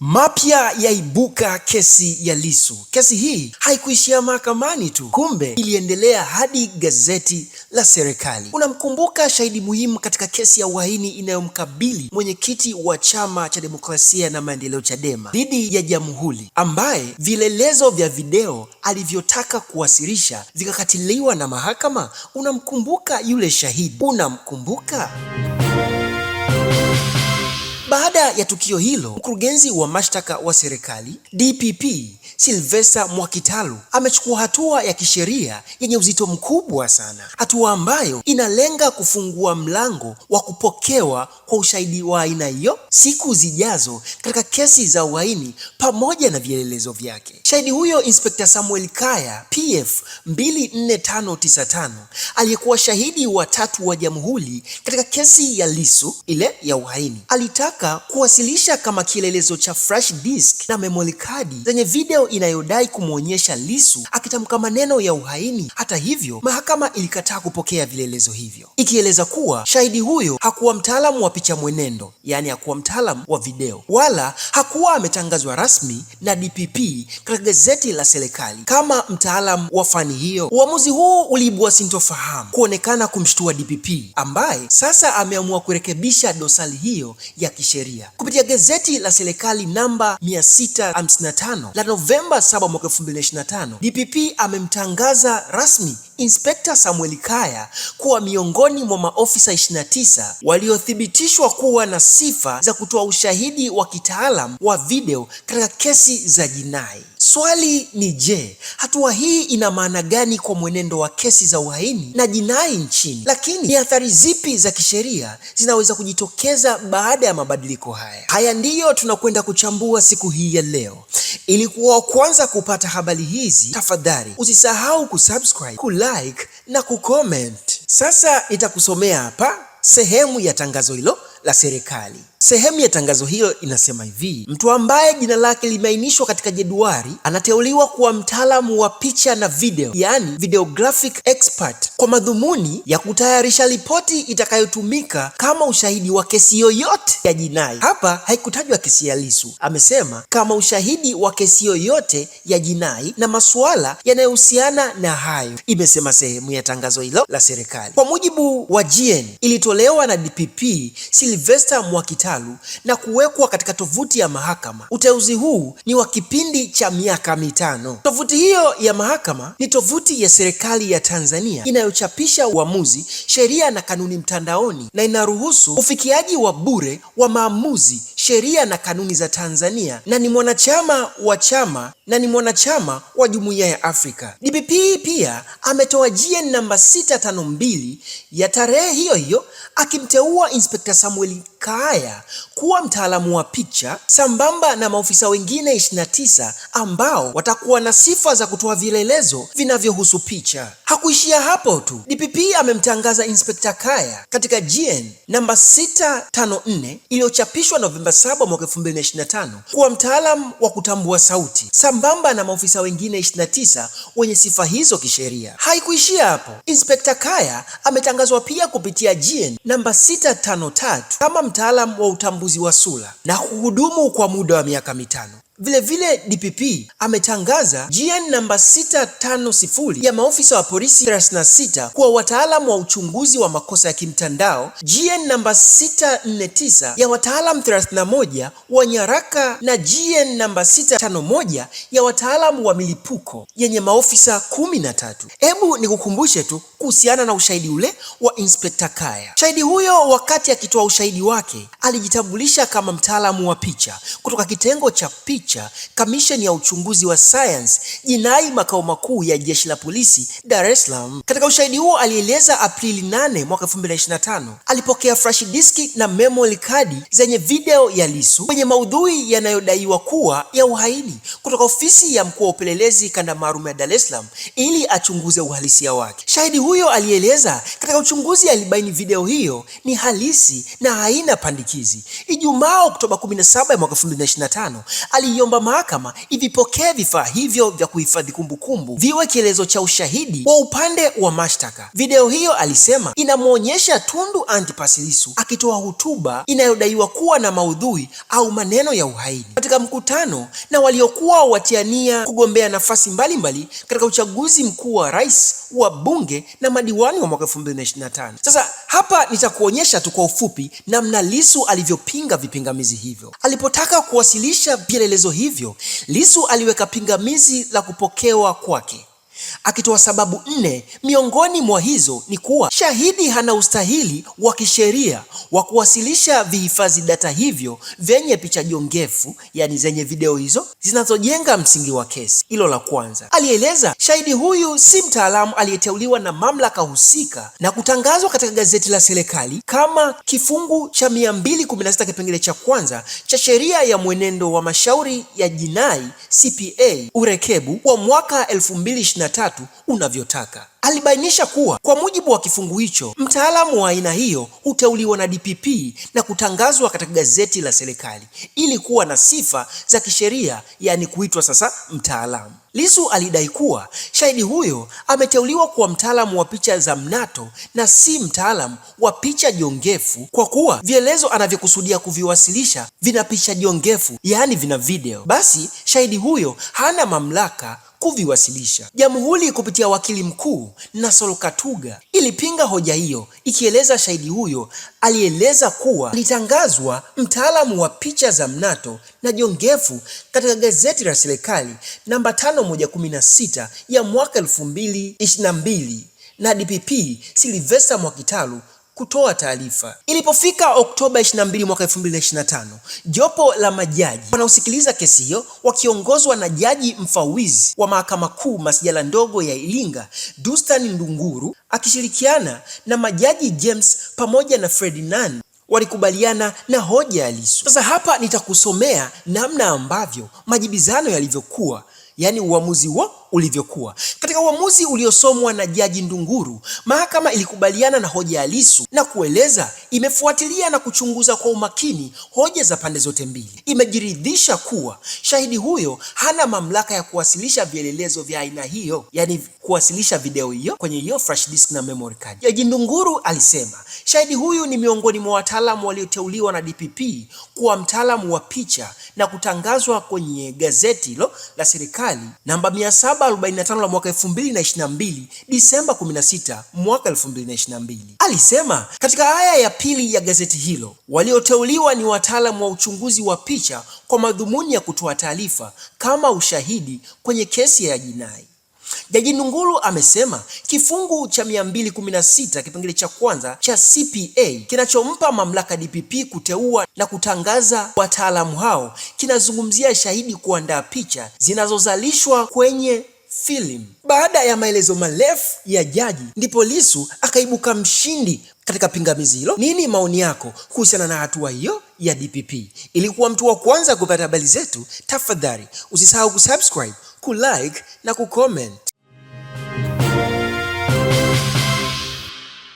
Mapya yaibuka kesi ya Lissu. Kesi hii haikuishia mahakamani tu, kumbe iliendelea hadi gazeti la serikali. Unamkumbuka shahidi muhimu katika kesi ya uhaini inayomkabili mwenyekiti wa chama cha demokrasia na maendeleo Chadema dhidi ya Jamhuri, ambaye vilelezo vya video alivyotaka kuwasilisha vikakatiliwa na mahakama. Unamkumbuka yule shahidi? Unamkumbuka? Baada ya tukio hilo, mkurugenzi wa mashtaka wa serikali DPP Sylvester Mwakitalu amechukua hatua ya kisheria yenye uzito mkubwa sana, hatua ambayo inalenga kufungua mlango wa kupokewa kwa ushahidi wa aina hiyo siku zijazo katika kesi za uhaini pamoja na vielelezo vyake. Shahidi huyo Inspekta Samuel Kaya PF 24595 aliyekuwa shahidi wa tatu wa Jamhuri katika kesi ya lisu ile ya uhaini alitaka kutaka kuwasilisha kama kielelezo cha flash disk na memory card zenye video inayodai kumwonyesha Lissu akitamka maneno ya uhaini. Hata hivyo, mahakama ilikataa kupokea vielelezo hivyo, ikieleza kuwa shahidi huyo hakuwa mtaalamu wa picha mwenendo, yaani hakuwa mtaalamu wa video wala hakuwa ametangazwa rasmi na DPP katika gazeti la serikali kama mtaalamu wa fani hiyo. Uamuzi huu uliibua sintofahamu, kuonekana kumshtua DPP ambaye sasa ameamua kurekebisha dosari hiyo ya kisheria kupitia gazeti la serikali namba 655 la Novemba 7 mwaka 2025, DPP amemtangaza rasmi Inspekta Samuel Kaya kuwa miongoni mwa maofisa 29 waliothibitishwa kuwa na sifa za kutoa ushahidi wa kitaalam wa video katika kesi za jinai. Swali ni je, hatua hii ina maana gani kwa mwenendo wa kesi za uhaini na jinai nchini? Lakini ni athari zipi za kisheria zinaweza kujitokeza baada ya mabadiliko haya? Haya ndiyo tunakwenda kuchambua siku hii ya leo. Ili kuwa wa kwanza kupata habari hizi, tafadhali usisahau kusubscribe, kula kulike na kucomment. Sasa nitakusomea hapa sehemu ya tangazo hilo la serikali. Sehemu ya tangazo hilo inasema hivi: mtu ambaye jina lake limeainishwa katika jedwali anateuliwa kuwa mtaalamu wa picha na video, yaani videographic expert, kwa madhumuni ya kutayarisha ripoti itakayotumika kama ushahidi wa kesi yoyote ya jinai. Hapa haikutajwa kesi ya Lissu, amesema kama ushahidi wa kesi yoyote ya jinai na masuala yanayohusiana na hayo, imesema sehemu ya tangazo hilo la serikali. Kwa mujibu wa GN, ilitolewa na DPP Sylvester Mwakita hekalu na kuwekwa katika tovuti ya mahakama. Uteuzi huu ni wa kipindi cha miaka mitano. Tovuti hiyo ya mahakama ni tovuti ya serikali ya Tanzania inayochapisha uamuzi, sheria na kanuni mtandaoni na inaruhusu ufikiaji wa bure wa maamuzi, sheria na kanuni za Tanzania na ni mwanachama wa chama na ni mwanachama wa Jumuiya ya Afrika. DPP pia ametoa GN namba 652 ya tarehe hiyo hiyo akimteua Inspekta Samuel Kaaya kuwa mtaalamu wa picha sambamba na maofisa wengine 29 ambao watakuwa na sifa za kutoa vielelezo vinavyohusu picha. Hakuishia hapo tu, DPP amemtangaza Inspekta Kaya katika GN namba 654 iliyochapishwa Novemba 7 mwaka 2025 kuwa mtaalamu wa kutambua sauti sambamba na maofisa wengine 29 wenye sifa hizo kisheria. Haikuishia hapo, Inspekta Kaya ametangazwa pia kupitia GN namba 653 kama mtaalam wa utambuzi wa sura na kuhudumu kwa muda wa miaka mitano. Vilevile DPP ametangaza GN namba 650 ya maofisa wa polisi 36 kuwa wataalamu wa uchunguzi wa makosa ya kimtandao, GN namba 649 ya wataalamu 31 wa nyaraka na GN namba 651 ya wataalamu wa milipuko yenye maofisa 13. Hebu nikukumbushe tu kuhusiana na ushahidi ule wa Inspekta Kaya. Shahidi huyo wakati akitoa ushahidi wake alijitambulisha kama mtaalamu wa picha kutoka kitengo cha picha picha kamisheni ya uchunguzi wa sayansi jinai makao makuu ya jeshi la polisi Dar es Salaam. Katika ushahidi huo alieleza Aprili 8 mwaka 2025 alipokea flash diski na memory card zenye video ya Lissu kwenye maudhui yanayodaiwa kuwa ya uhaini kutoka ofisi ya mkuu wa upelelezi kanda maalum ya Dar es Salaam ili achunguze uhalisia wake. Shahidi huyo alieleza katika uchunguzi alibaini video hiyo ni halisi na haina pandikizi. Ijumaa Oktoba 17 mwaka 2025 ali aliomba mahakama ivipokee vifaa hivyo vya kuhifadhi kumbukumbu viwe kielezo cha ushahidi wa upande wa mashtaka. Video hiyo, alisema, inamwonyesha Tundu Antipas Lissu akitoa hotuba inayodaiwa kuwa na maudhui au maneno ya uhaini katika mkutano na waliokuwa watiania kugombea nafasi mbalimbali mbali katika uchaguzi mkuu wa rais, wa bunge na madiwani wa mwaka 2025. Sasa hapa nitakuonyesha tu kwa ufupi namna Lissu alivyopinga vipingamizi hivyo alipotaka kuwasilisha vielelezo vigezo hivyo, Lissu aliweka pingamizi la kupokewa kwake akitoa sababu nne. Miongoni mwa hizo ni kuwa shahidi hana ustahili wa kisheria wa kuwasilisha vihifadhi data hivyo vyenye picha jongefu, yani zenye video hizo zinazojenga msingi wa kesi. Hilo la kwanza alieleza Shahidi huyu si mtaalamu aliyeteuliwa na mamlaka husika na kutangazwa katika gazeti la serikali kama kifungu cha 216 kipengele cha kwanza cha sheria ya mwenendo wa mashauri ya jinai CPA urekebu wa mwaka 2023 unavyotaka. Alibainisha kuwa kwa mujibu wa kifungu hicho, mtaalamu wa aina hiyo huteuliwa na DPP na kutangazwa katika gazeti la serikali ili kuwa na sifa za kisheria, yaani kuitwa sasa mtaalamu. Lissu alidai kuwa shahidi huyo ameteuliwa kuwa mtaalamu wa picha za mnato na si mtaalamu wa picha jongefu kwa kuwa vielezo anavyokusudia kuviwasilisha vina picha jongefu, yaani vina video. Basi shahidi huyo hana mamlaka kuviwasilisha. Jamhuri kupitia wakili mkuu Nasoro Katuga ilipinga hoja hiyo, ikieleza shahidi huyo alieleza kuwa alitangazwa mtaalamu wa picha za mnato na jongefu katika gazeti la serikali namba 5116 ya mwaka 2022 na DPP Silvesta Mwakitalu kutoa taarifa. Ilipofika Oktoba 22 mwaka 2025, jopo la majaji wanaosikiliza kesi hiyo wakiongozwa na jaji mfawizi wa mahakama kuu masijala ndogo ya Iringa Dustan Ndunguru akishirikiana na majaji James pamoja na Ferdinand walikubaliana na hoja ya Lissu. Sasa hapa nitakusomea namna ambavyo majibizano yalivyokuwa, yaani uamuzi wao ulivyokuwa. Katika uamuzi uliosomwa na Jaji Ndunguru, mahakama ilikubaliana na hoja ya Lissu na kueleza imefuatilia na kuchunguza kwa umakini hoja za pande zote mbili, imejiridhisha kuwa shahidi huyo hana mamlaka ya kuwasilisha vielelezo vya aina hiyo, yani kuwasilisha video hiyo kwenye hiyo flash disk na memory card. Jaji Ndunguru alisema shahidi huyu ni miongoni mwa wataalamu walioteuliwa na DPP kuwa mtaalamu wa picha na kutangazwa kwenye gazeti hilo la serikali namba 745 la mwaka 2022, Disemba 16 mwaka 2022. Alisema katika aya ya pili ya gazeti hilo, walioteuliwa ni wataalamu wa uchunguzi wa picha kwa madhumuni ya kutoa taarifa kama ushahidi kwenye kesi ya jinai. Jaji Ndunguru amesema kifungu cha 216 kipengele cha kwanza cha CPA kinachompa mamlaka DPP kuteua na kutangaza wataalamu hao kinazungumzia shahidi kuandaa picha zinazozalishwa kwenye film. Baada ya maelezo marefu ya jaji, ndipo Lissu akaibuka mshindi katika pingamizi hilo. Nini maoni yako kuhusiana na hatua hiyo ya DPP? Ili kuwa mtu wa kwanza kupata habari zetu, tafadhali usisahau kusubscribe kulike na kucomment.